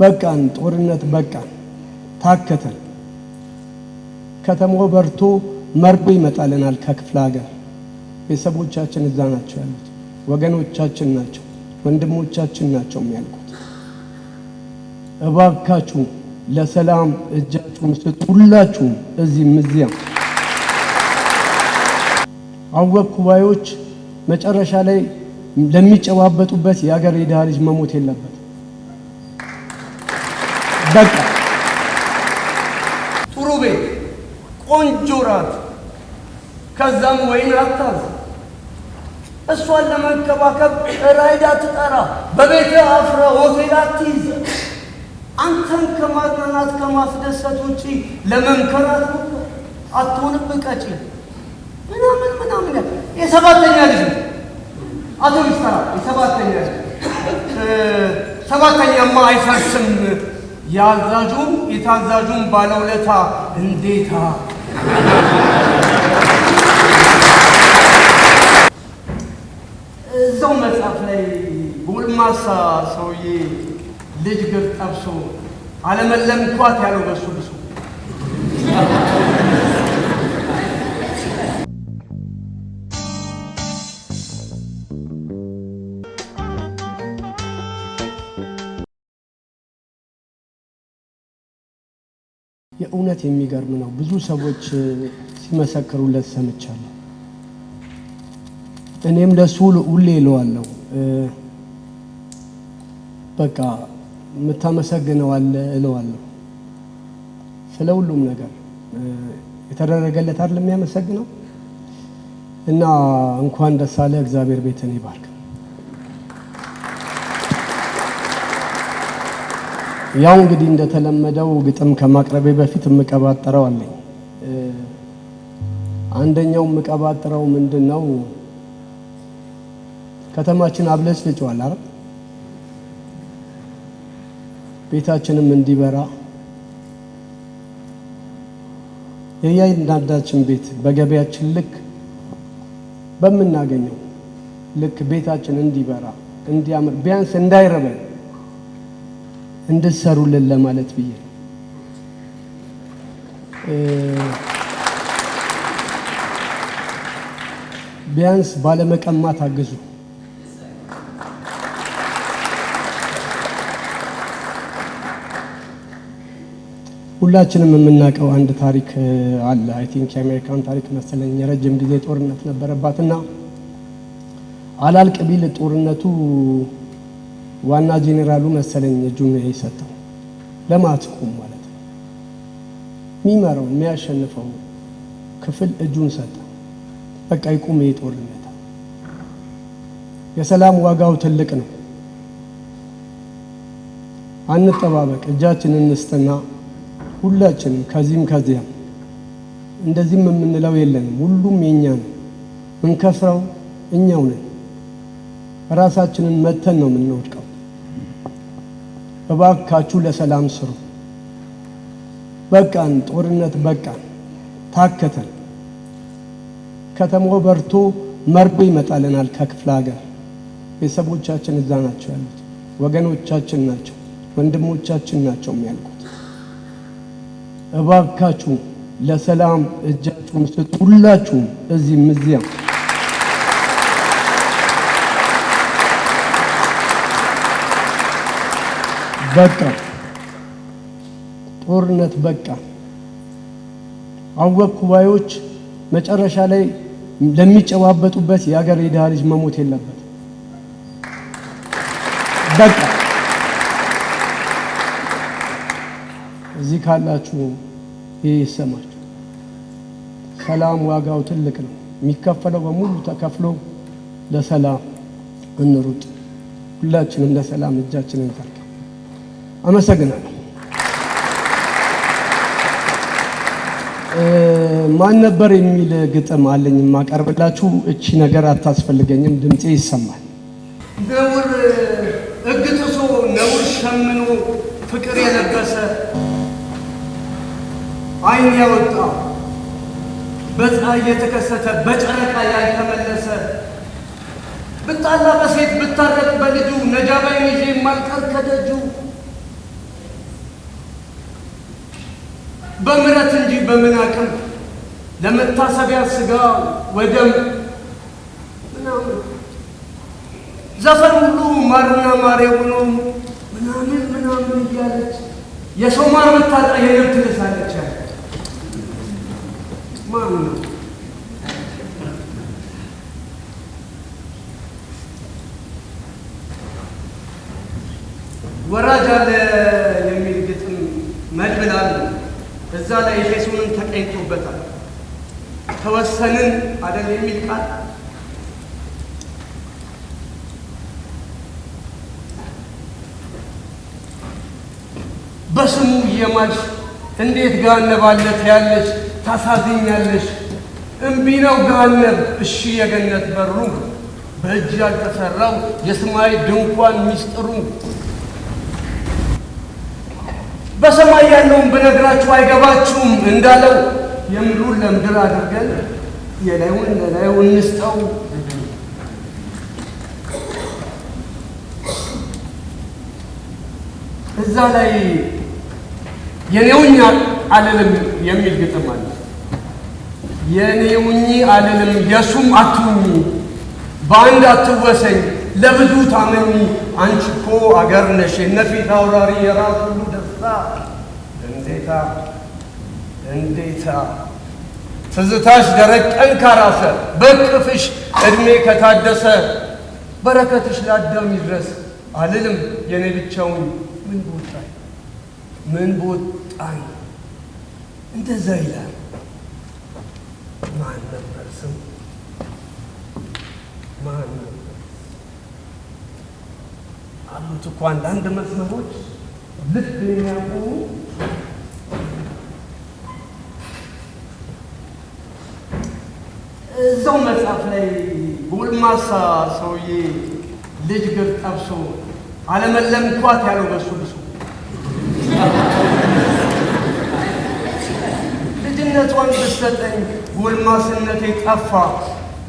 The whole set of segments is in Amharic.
በቃን፣ ጦርነት በቃን፣ ታከተን። ከተማው በርቶ መርዶ ይመጣልናል ከክፍለ ሀገር። ቤተሰቦቻችን እዛ ናቸው ያሉት፣ ወገኖቻችን ናቸው፣ ወንድሞቻችን ናቸው የሚያልቁት። እባካችሁ ለሰላም እጃችሁን ስጡ። ሁላችሁም እዚህም እዚያም አወቅ ኩባዮች መጨረሻ ላይ ለሚጨባበጡበት የሀገር የድሃ ልጅ መሞት የለበት። በቃ ጥሩ ቤት፣ ቆንጆ ራት፣ ከዛም ወይን አታዝ እሷን ለመከባከብ ራይዳ ትጠራ በቤት አፍረ ሆቴል አትይዝ። አንተን ከማዝናናት ከማስደሰት ውጪ ለመምከር አትሆንብ ቀጭ ምናምን ምናምን የሰባተኛ ልጅ አቶ ሚስተራ የሰባተኛ ልጅ ሰባተኛማ አይፈርስም የአዛዡም የታዛዡም ባለውለታ እንዴታ! እዛው መጽሐፍ ላይ ጎልማሳ ሰውዬ ልጅ ግር ጠብሶ አለመለምኳት ያለው በሱ ብሶ እውነት የሚገርም ነው። ብዙ ሰዎች ሲመሰክሩለት ሰምቻለሁ። እኔም ለሱ ሁሌ ይለዋለሁ፣ በቃ የምታመሰግነው አለ እለዋለሁ። ስለ ሁሉም ነገር የተደረገለት አይደል የሚያመሰግነው እና እንኳን ደስ አለ። እግዚአብሔር ቤትን ይባርክ። ያው እንግዲህ እንደተለመደው ግጥም ከማቅረቤ በፊት የምቀባጥረው አለኝ። አንደኛው የምቀባጥረው ምንድን ነው? ከተማችን አብለጭ ልጨዋል አይደል? ቤታችንም እንዲበራ የእያንዳንዳችን ቤት በገበያችን ልክ በምናገኘው ልክ ቤታችን እንዲበራ እንዲያምር ቢያንስ እንዳይረበን እንድትሰሩልን ለማለት ብዬ ቢያንስ ባለመቀማት አግዙ። ሁላችንም የምናውቀው አንድ ታሪክ አለ። አይ ቲንክ የአሜሪካን ታሪክ መሰለኝ። የረጅም ጊዜ ጦርነት ነበረባትና አላልቅ ቢል ጦርነቱ ዋና ጄኔራሉ መሰለኝ እጁን የሰጠው ለማትቁም ማለት ነው። የሚመራው የሚያሸንፈው ክፍል እጁን ሰጠ። በቃ ይቁም ይሄ የሰላም ዋጋው ትልቅ ነው። አንጠባበቅ፣ እጃችንን እንስጥና ሁላችንም ከዚህም ከዚያም እንደዚህም የምንለው የለንም። ሁሉም የኛ ነው። ምንከስረው እኛው ነን። ራሳችንን መተን ነው የምንወድቀው። እባካችሁ ለሰላም ስሩ። በቃን፣ ጦርነት በቃን፣ ታከተን። ከተማው በርቶ መርዶ ይመጣልናል ከክፍለ ሀገር። ቤተሰቦቻችን እዛ ናቸው ያሉት፣ ወገኖቻችን ናቸው፣ ወንድሞቻችን ናቸው የሚያልቁት። እባካችሁ ለሰላም እጃችሁን ስጡ፣ ሁላችሁም እዚህም እዚያም በቃ ጦርነት በቃ። አወቅ ኩባዮች መጨረሻ ላይ ለሚጨባበጡበት የሀገር የድሃ ልጅ መሞት የለበት። በቃ እዚህ ካላችሁ ይህ ይሰማችሁ። ሰላም ዋጋው ትልቅ ነው። የሚከፈለው በሙሉ ተከፍሎ ለሰላም እንሩጥ። ሁላችንም ለሰላም እጃችንን አመሰግናለሁ። ማን ነበር የሚል ግጥም አለኝ የማቀርብላችሁ። እቺ ነገር አታስፈልገኝም፣ ድምፄ ይሰማል። ነውር እግጥሶ ነውር ሸምኖ ፍቅር የለበሰ አይን ያወጣ በፀሐይ የተከሰተ በጨረቃ ያልተመለሰ ብጣላ በሴት ብታረቅ በልጁ ነጃ ይዤ የማልቀር ከደጁ በምረት እንጂ በምን አቅም ለመታሰቢያ ስጋ ወደም ምናምን ዘፈን ሁሉ ማርና ማሬ ሆኖ ምናምን ምናምን እያለች የሰው ማር መታጣ የለም ትነሳለች። ማን ነው? ወራጅ አለ ተወሰንን አደል የሚል ቃል በስሙ እየማልሽ እንዴት ጋነባለት ያለች ታሳዝኛለሽ። እምቢ ነው ጋነብ እሺ የገነት በሩ በእጅ ያልተሰራው የሰማይ ድንኳን ሚስጥሩ በሰማይ ያለውን ብነግራችሁ አይገባችሁም እንዳለው የምድሩን ለምድር አድርገን የላዩን ለላዩ እንስጠው። እዛ ላይ የኔውኝ አልልም የሚል ግጥም አለ። የኔውኝ አልልም የሱም አትሁኝ፣ በአንድ አትወሰኝ፣ ለብዙ ታመኝ። አንቺ እኮ አገር ነሽ የነፊት አውራሪ የራሱ ደስታ ደንዴታ እንዴታ ትዝታሽ ደረቅ ጠንካራሰ በቅፍሽ እድሜ ከታደሰ በረከትሽ ላዳም ይድረስ አልልም የኔ ብቻውን ምን ቦጣኝ ምን ቦጣኝ እንደዛ ይላል ማን ነበር ስም ማን ነበር አሉት እኮ አንዳንድ መስመሮች ልብ የሚያቆሙ እዛው መጽሐፍ ላይ ጎልማሳ ሰውዬ ልጅ ግር ጠብሶ አለመለምኳት ያለው በሱ ብሱ ልጅነቷን ብትሰጠኝ ጎልማስነቴ ጠፋ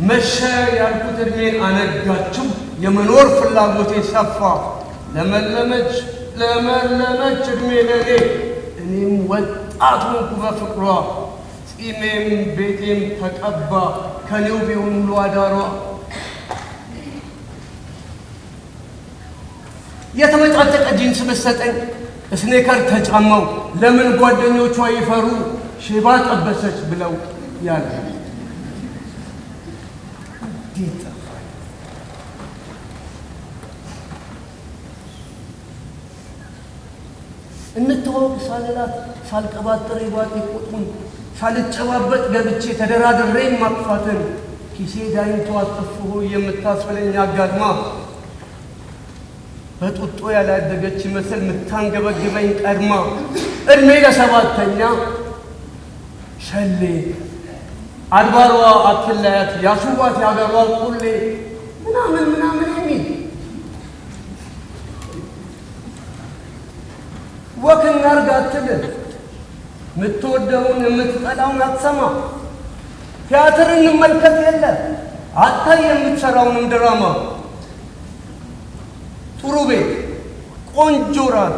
መሸ ያልኩት እድሜን አነጋችው የመኖር ፍላጎቴ ሰፋ ለመለመች ለመለመች ዕድሜ ለኔ እኔም ወጣት ሆንኩ በፍቅሯ ጺሜም ቤቴም ተቀባ ከሌው ቢሆን ውሎ አዳሯ የተመጫጨቀ ጂንስ መሰጠኝ ስኔከር ተጫማው ለምን ጓደኞቿ ይፈሩ ሽባ ጠበሰች ብለው ያለ እንተዋወቅ ሳልላት ሳልቀባጥር የባጤ ቁጥሩን ሳልጨባበጥ ገብቼ ተደራድሬ ማጥፋትን ኪሴ ዳይቶ አጠፍሁ የምታስበለኝ አጋድማ በጡጦ ያላደገች መስል ምታንገበግበኝ ቀድማ እድሜ ለሰባተኛ ሸሌ አድባሯ አትለያት ያሹባት ያገሯ ቁሌ ምናምን ምናምን የሚል ወክ እናርግ አትልም። የምትወደውን የምትጠላውን አትሰማ። ቲያትር እንመልከት የለ አታይ የምትሰራውንም ድራማ ጥሩ ቤት፣ ቆንጆ ራት፣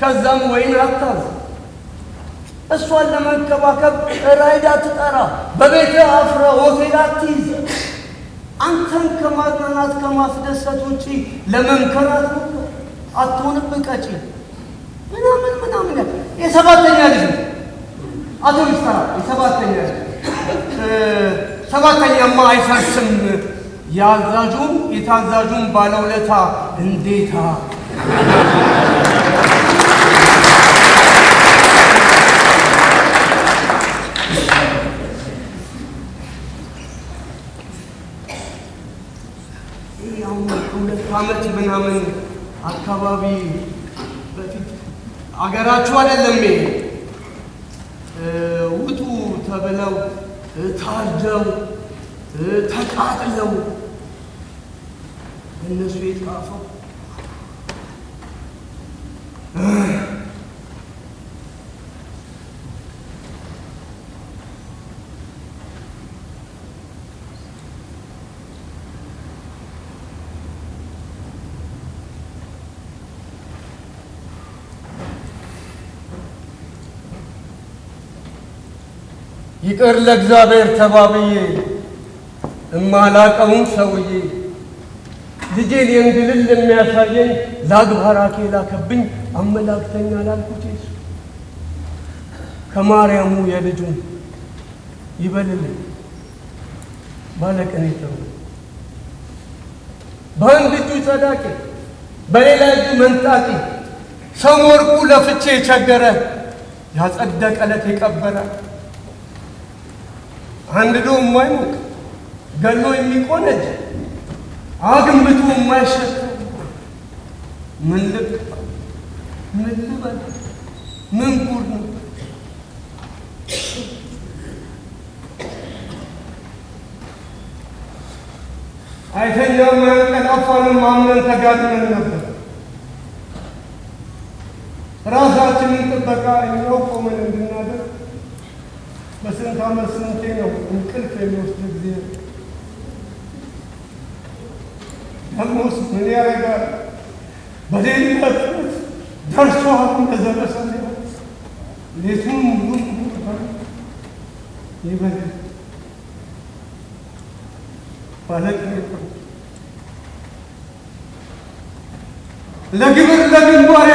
ከዛም ወይን አታዝ። እሷን ለመንከባከብ ራይዳ ትጠራ፣ በቤት አፍረ ሆቴል አትይዝ። አንተን ከማዝናናት ከማስደሰት ውጪ ለመምከራት አትሆንብህ ምናምን ምናምን የሰባተኛ ልጅ ነው። አቶ ሚስተራ የሰባተኛ ሰባተኛማ አይፈርስም። የአዛዡም የታዛዡም ባለውለታ እንዴታ ሁለት ዓመት ምናምን አካባቢ አገራችሁ አይደለም ውጡ ተብለው ታርደው ተቃጥለው እነሱ የጻፈው ይቅር ለእግዚአብሔር ተባብዬ እማላቀውም ሰውዬ ልጄን የእንግልል የሚያሳየኝ ላግባራኬ ላከብኝ አመላክተኛ ላልኩት ሱ ከማርያሙ የልጁን ይበልልኝ ባለቅኔ ጥሩ በአንድ እጁ ጸዳቂ በሌላ እጁ መንጣቂ ሰው ወርቁ ለፍቼ የቸገረ ያጸደቀለት የቀበረ አንድዶ የማይሞቅ ገሎ የሚቆነጅ አግንብቶ የማይሸተው ምን ልብ ምን ልበል ምን ጉድ ነው? አይተኛም አንቀላፋንም ማምነን ተጋድመን ነበር። ራሳችንን ጥበቃ እኛው ቆመን እንድናደርግ مثلا تعمل سنتين او ثلاثه لوسط الجزيره همه سنيا لك بدين درسها من نزل سنيا ليسون من ये बने पालक लगी लगी मारे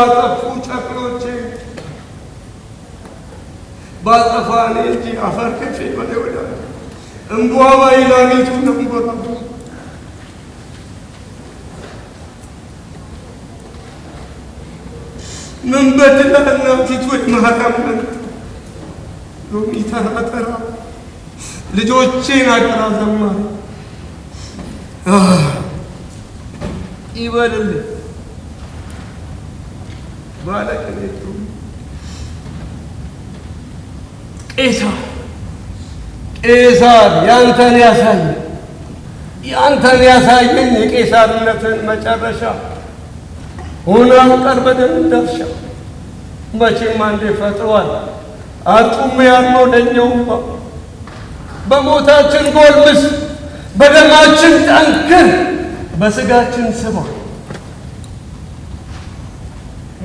አጠፉ ጨፍኖቼ ባጠፋ እኔ እንጂ አፈር ከፌ በላይ ወዳ እምቧ ባይላኒቱ ነንጎራ ምን በድላ እናቲቱ ማህራምነት ሎሚ ተራተራ ልጆቼን አደራ ዘማ ይበልልኝ ባለቅኔቱ ቄሳር ቄሳር ያንተን ያሳየ ያንተን ያሳየን የቄሳርነትን መጨረሻ ሆናም ቀር በደም እንዳሻ መቼም አንዴ ፈጥሯል አጡም ያልነው ደኛውማ በሞታችን ጎልምስ በደማችን ጠንክር በስጋችን ስባ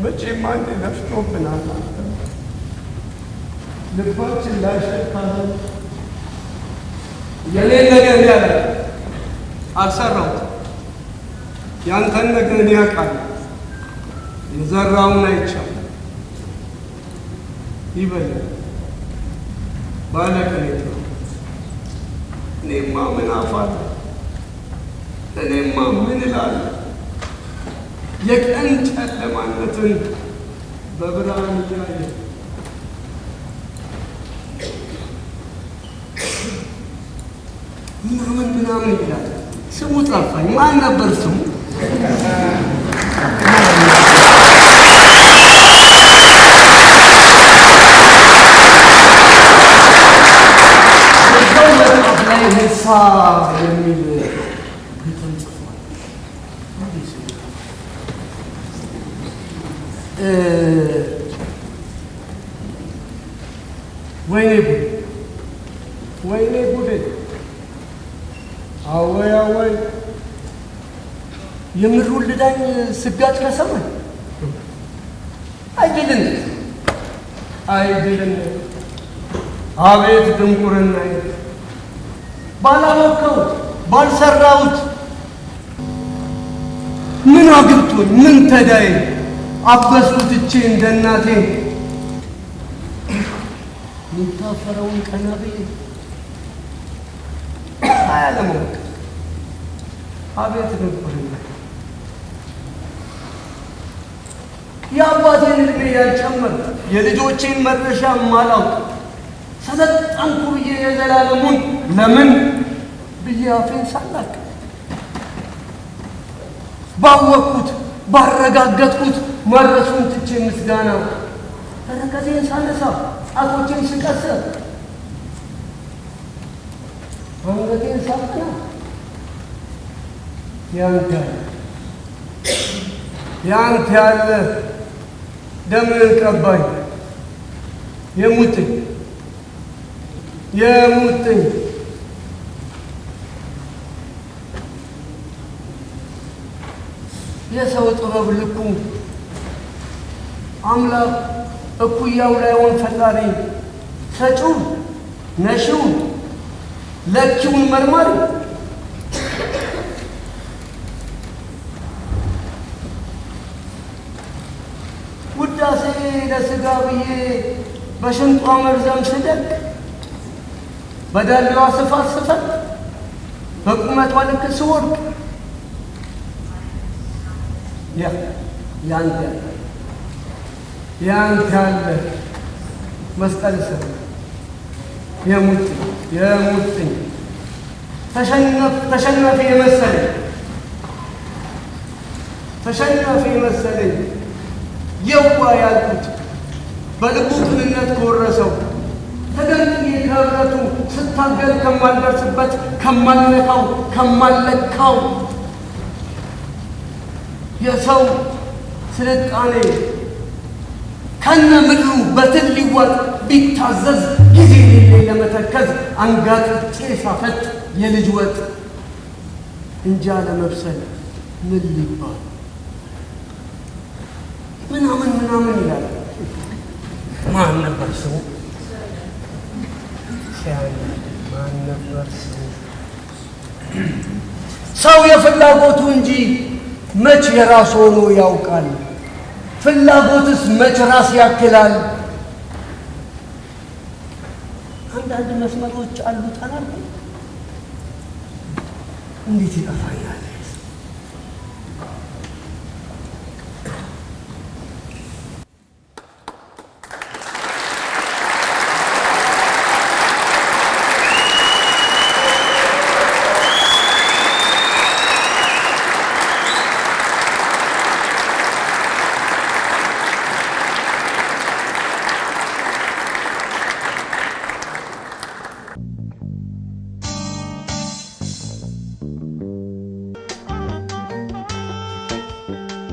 መቼም አንድ ለፍቶብናል። ልባችን ላይ የሌለ ነገር ያለ አልሰራሁት ያንተን ነገር እኔ አውቃለሁ። የዘራውን አይቻል ይበል ባለቅኔ እኔማ ምን አፋለሁ? እኔማ ምን እላለሁ? የቀን ጨለማነትን በብርሃን እያየ ምናምን ምናምን ይላል። ስሙ ጠፋኝ። ማን ነበር ስሙ? ላይ ሊረዳኝ ስጋጭ ከሰማኝ አይድልነት አይድልነት! አቤት ድንቁርና! ባላወቅከውት ባልሰራውት ምን አግብቶኝ ምን ተዳይ አበስኩት እቼ እንደ እናቴ የሚታፈረውን ቀና አያለመወቅ አቤት ድንቁርና! የአባቴን እድሜ ያልጨመር የልጆቼን መድረሻ ማላውቅ ሰለጠንኩ ብዬ የዘላለሙን ለምን ብዬ አፌን ሳላቅ ባወቅኩት ባረጋገጥኩት መድረሱን ትቼ ምስጋና ተረከዜን ሳነሳ ጣቶችን ስቀሰ አንገቴን ሳቅና ያንተ ያንተ ያለ ደምህን ቀባኝ። የሙጥኝ የሙጥኝ የሰው ጥበብ ልኩ አምላክ እኩያው ላይሆን ፈጣሪ ሰጪው ነሺውን ለኪውን መርማሪ ለስጋ ብዬ በሽንጧ መርዘም ስደቅ በዳሌዋ ስፋት ስፈት በቁመቷ ልክ ስወርቅ ያንተ ያንተ ያለ መስቀል ስር የሙጥኝ የሙጥኝ ተሸነፍ የመሰለኝ ተሸነፍ የመሰለኝ የዋ ያልኩት በልቡ ቅንነት ከወረሰው ተደንቅዬ ከህብረቱ ስታገል ከማልደርስበት ከማልነካው ከማልለካው የሰው ስልጣኔ ከነ ምድሩ በትል ሊዋጥ ቢታዘዝ ጊዜ ሌለኝ ለመተከዝ አንጋጥጬ ሳፈጥ የልጅ ወጥ እንጃ ለመብሰል ምን ሊባል ምናምን ምናምን ይላል። ማን ነበር ስሙ? ማን ነበር ስሙ? ሰው የፍላጎቱ እንጂ መች የራስ ሆኖ ያውቃል? ፍላጎትስ መች ራስ ያክላል? አንዳንድ መስመሮች አሉት አላልኩም? እንዴት ይጠፋኛል?